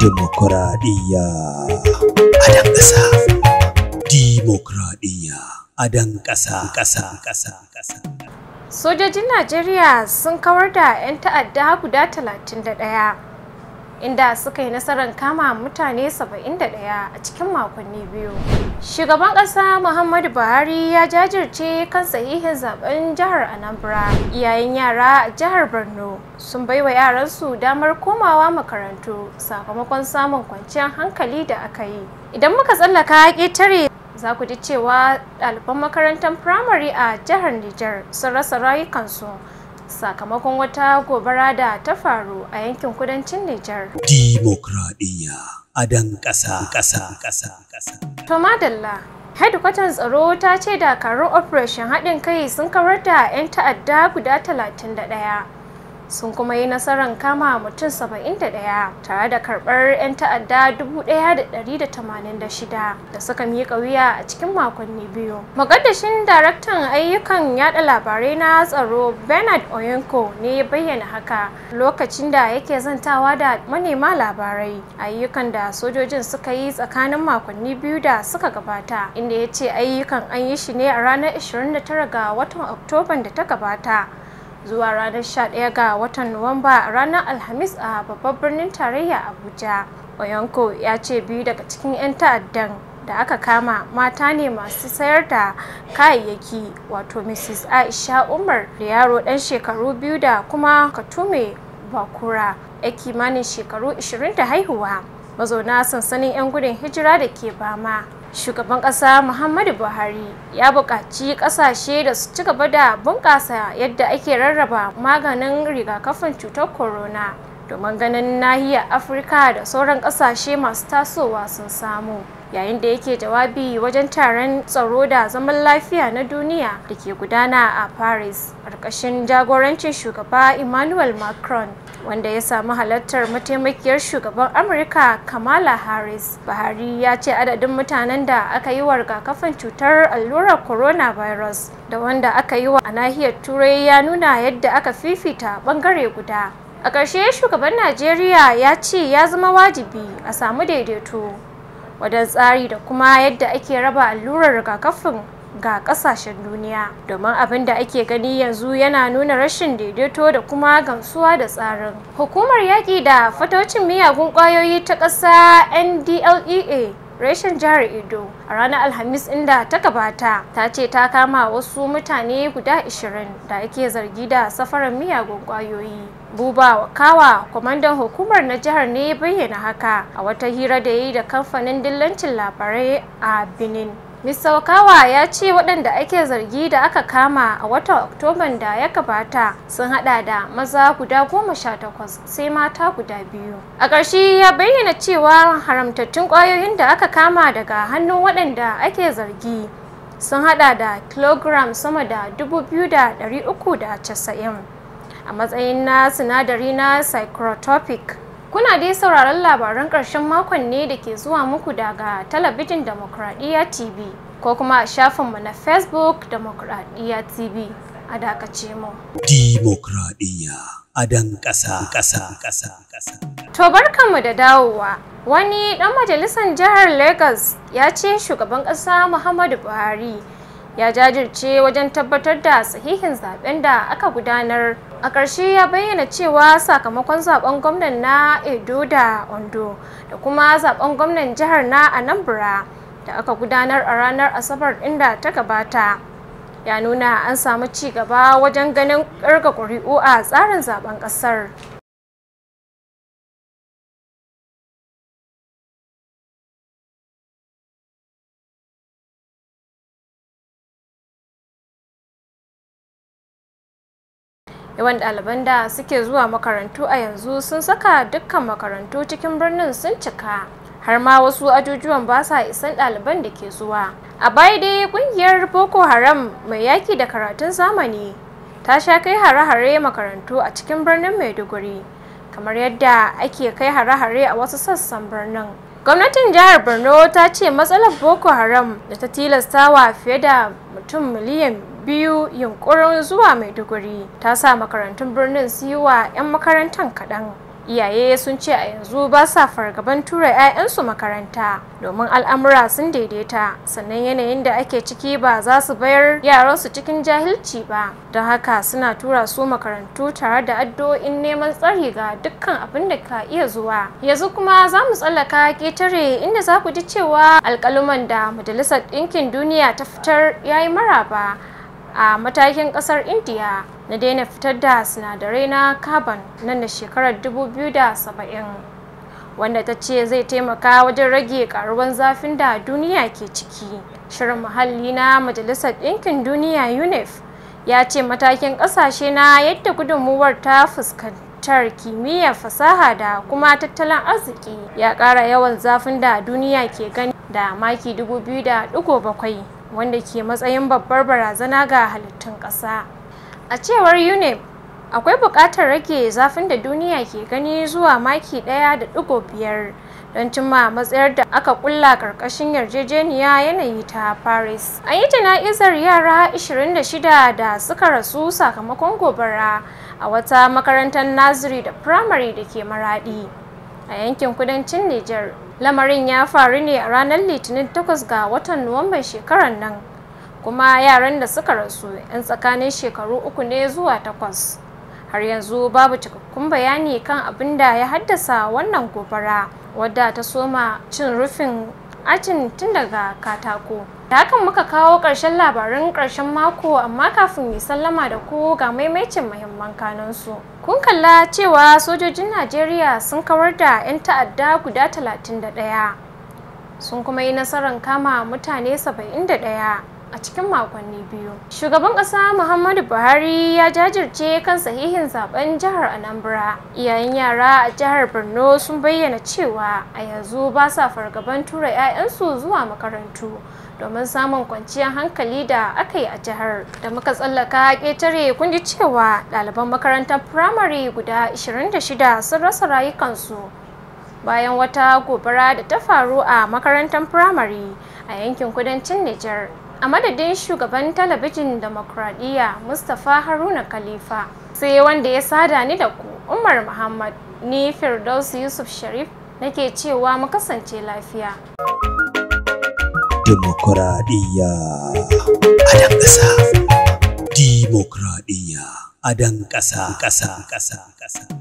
demokradiya adan dan ƙasa. Dimokuraɗiyya a ƙasa. ƙasa. ƙasa. ƙasa. Sojojin Najeriya sun kawar da 'yan ta'adda guda 31. inda suka yi nasarar kama mutane 71 a cikin makonni biyu. Shugaban ƙasa Muhammadu Buhari ya jajirce kan sahihin zaben jihar Anambra. Iyayen yara a jihar Borno sun bai baiwa su damar komawa makarantu sakamakon samun kwanciyar hankali da aka yi. Idan muka tsallaka ƙetare za ku ji cewa ɗaliban makarantar firamare a jihar Nijar sun rasa rayukansu. sakamakon wata gobara da ta faru a yankin kudancin Nijar. Dimokuraɗiyya a dan ƙasa ƙasa ƙasa ƙasa. To madalla, hedkwatan tsaro ta ce dakarun operation haɗin kai sun kawar da 'yan ta'adda guda 31. sun kuma yi nasarar kama mutum 71 tare da karɓar 'yan ta'adda 1,186 da suka miƙa wuya a cikin makonni biyu. Magadashin daraktan ayyukan yada labarai na tsaro Bernard Oyenko ne ya bayyana haka lokacin da yake zantawa da manema labarai ayyukan da sojojin suka yi tsakanin makonni biyu da suka gabata inda ya ce ayyukan an yi shi ne a ranar 29 ga watan Oktoban da ta gabata. zuwa ranar 11 ga watan Nuwamba ranar Alhamis a babban birnin tarayya Abuja. Oyanko ya ce biyu daga cikin 'yan ta'addan da aka kama mata ne masu sayar da kayayyaki wato Mrs. Aisha Umar da yaro ɗan shekaru biyu da kuma Katume Bakura ya kimanin shekaru 20 da haihuwa. Mazauna sansanin 'yan gudun hijira da ke Bama shugaban ƙasa muhammadu buhari ya buƙaci ƙasashe da su ci gaba da bunƙasa yadda ake rarraba maganin rigakafin cutar corona domin ganin nahiyar afirka da sauran ƙasashe masu tasowa sun samu yayin da yake jawabi wajen taron tsaro da zaman lafiya na duniya da ke gudana a paris ƙarƙashin jagorancin shugaba emmanuel macron wanda ya samu halartar mataimakiyar shugaban amurka kamala harris buhari ya ce adadin mutanen da aka yi wa rigakafin cutar allurar coronavirus da wanda aka yi wa a nahiyar turai ya nuna yadda aka fifita bangare guda a ƙarshe shugaban najeriya ya ce ya zama wajibi a samu daidaito wajen tsari da kuma yadda ake raba allurar rigakafin ga kasashen duniya domin abin da ake gani yanzu yana nuna rashin daidaito da kuma gamsuwa da tsarin hukumar yaƙi da fatocin miyagun ƙwayoyi ta ƙasa ndlea reshen jihar Edo a ranar Alhamis inda ta gabata ta ce ta kama wasu mutane guda 20 da ake zargi da safarar miyagun kwayoyi. Buba Kawa, kwamandan hukumar na jihar ne bayyana haka a wata hira da ya yi da kamfanin dillancin labarai a Benin. Mr. Okawa ya ce waɗanda ake zargi da aka kama a watan Oktoban da ya gabata sun hada da maza guda goma sha takwas sai mata guda biyu. A ƙarshe ya bayyana cewa haramtattun ƙwayoyin da aka kama daga hannun waɗanda ake zargi sun hada da kilogram sama da dubu biyu da da ɗari uku casa'in a matsayin na sinadari na psychotropic Kuna dai sauraron labaran ƙarshen makon ne da ke zuwa muku daga talabijin Demokradiyya TV ko kuma a shafinmu na Facebook Demokradiyya TV a dakace mu. Demokradiyya a dan ƙasa ƙasa ƙasa To barkanmu da dawowa. Wani ɗan majalisar jihar Lagos ya ce shugaban ƙasa Muhammadu Buhari ya jajirce wajen tabbatar da sahihin zaben da aka gudanar a ƙarshe ya bayyana cewa sakamakon zaben gwamnan na edo da ondo da kuma zaben gwamnan jihar na anambra da aka gudanar a ranar asabar inda ta gabata ya nuna an samu ci gaba wajen ganin ƙarga ƙuri'u a tsarin zaben ƙasar yawan ɗaliban da suke zuwa makarantu a yanzu sun saka dukkan makarantu cikin birnin sun cika har ma wasu ajujuwan ba sa isan ɗaliban da ke zuwa a baya dai ƙungiyar boko haram mai yaki da karatun zamani ta sha kai hare-hare makarantu a cikin birnin maiduguri kamar yadda ake kai hare-hare a wasu sassan birnin gwamnatin jihar borno ta ce matsalar boko haram da ta tilasta wa fiye da mutum miliyan biyu yunkurin zuwa maiduguri ta sa makarantun birnin su 'yan makarantar kaɗan iyaye sun ce a yanzu ba sa fargaban tura 'ya'yansu makaranta domin al'amura sun daidaita sannan yanayin da ake ciki ba za su bayar su cikin jahilci ba don haka suna tura su makarantu tare da addu'o'in neman tsari ga dukkan abin da ka iya zuwa yanzu kuma za mu tsallaka ketare inda za ku ji cewa alkaluman da majalisar ɗinkin duniya ta fitar ya yi maraba a matakin kasar india na daina fitar da sinadarai na carbon nan da shekarar 2070 wanda ta ce zai taimaka wajen rage karuwan zafin da duniya ke ciki shirin muhalli na majalisar ɗinkin duniya unif e ya ce matakin ƙasashe na yadda gudunmuwar ta fuskantar kimiyyar fasaha da kuma tattalin arziki ya ƙara yawan zafin da duniya ke gani da maki 2007 wanda ke matsayin babbar barazana ga halittun ƙasa. A cewar UNEP, akwai buƙatar rage zafin da duniya ke gani zuwa maki ɗaya da ɗigo biyar don cimma matsayar da aka ƙulla ƙarƙashin yarjejeniya yanayi ta Paris. An yi jana'izar yara 26 da suka rasu sakamakon gobara a wata makarantar nazari da firamare da ke Maraɗi a yankin kudancin Nijar. lamarin ya faru ne a ranar litinin 8 ga watan nuwamban shekarar nan kuma yaran da suka rasu 'yan tsakanin shekaru uku ne zuwa takwas har yanzu babu cikakkun bayani kan abin da ya haddasa wannan gobara wadda ta soma cin rufin atin tun daga katako da hakan muka kawo ƙarshen labarin ƙarshen mako amma kafin yi sallama da ku ga maimaicin muhimman kanansu kun kalla cewa sojojin najeriya sun kawar da 'yan ta'adda guda 31 sun kuma yi nasarar kama mutane 71 a cikin makonni biyu. Shugaban ƙasa Muhammadu Buhari ya jajirce kan sahihin zaben jihar Anambra. Iyayen yara a jihar Borno sun bayyana cewa a yanzu ba sa fargaban tura 'ya'yansu zuwa makarantu. domin samun kwanciyar hankali da aka yi a jihar da muka tsallaka ƙetare kun cewa ɗaliban makarantar firamare guda 26 sun rasa rayukansu bayan wata gobara da ta faru a makarantar firamare a yankin kudancin Nijar. a madadin shugaban talabijin demokradiyya mustapha haruna khalifa sai wanda ya sada ni da ku umar muhammad ni firdaus yusuf sharif nake cewa mu kasance lafiya demokradiyya a ƙasa demokradiyya a dan ƙasa ƙasa ƙasa ƙasa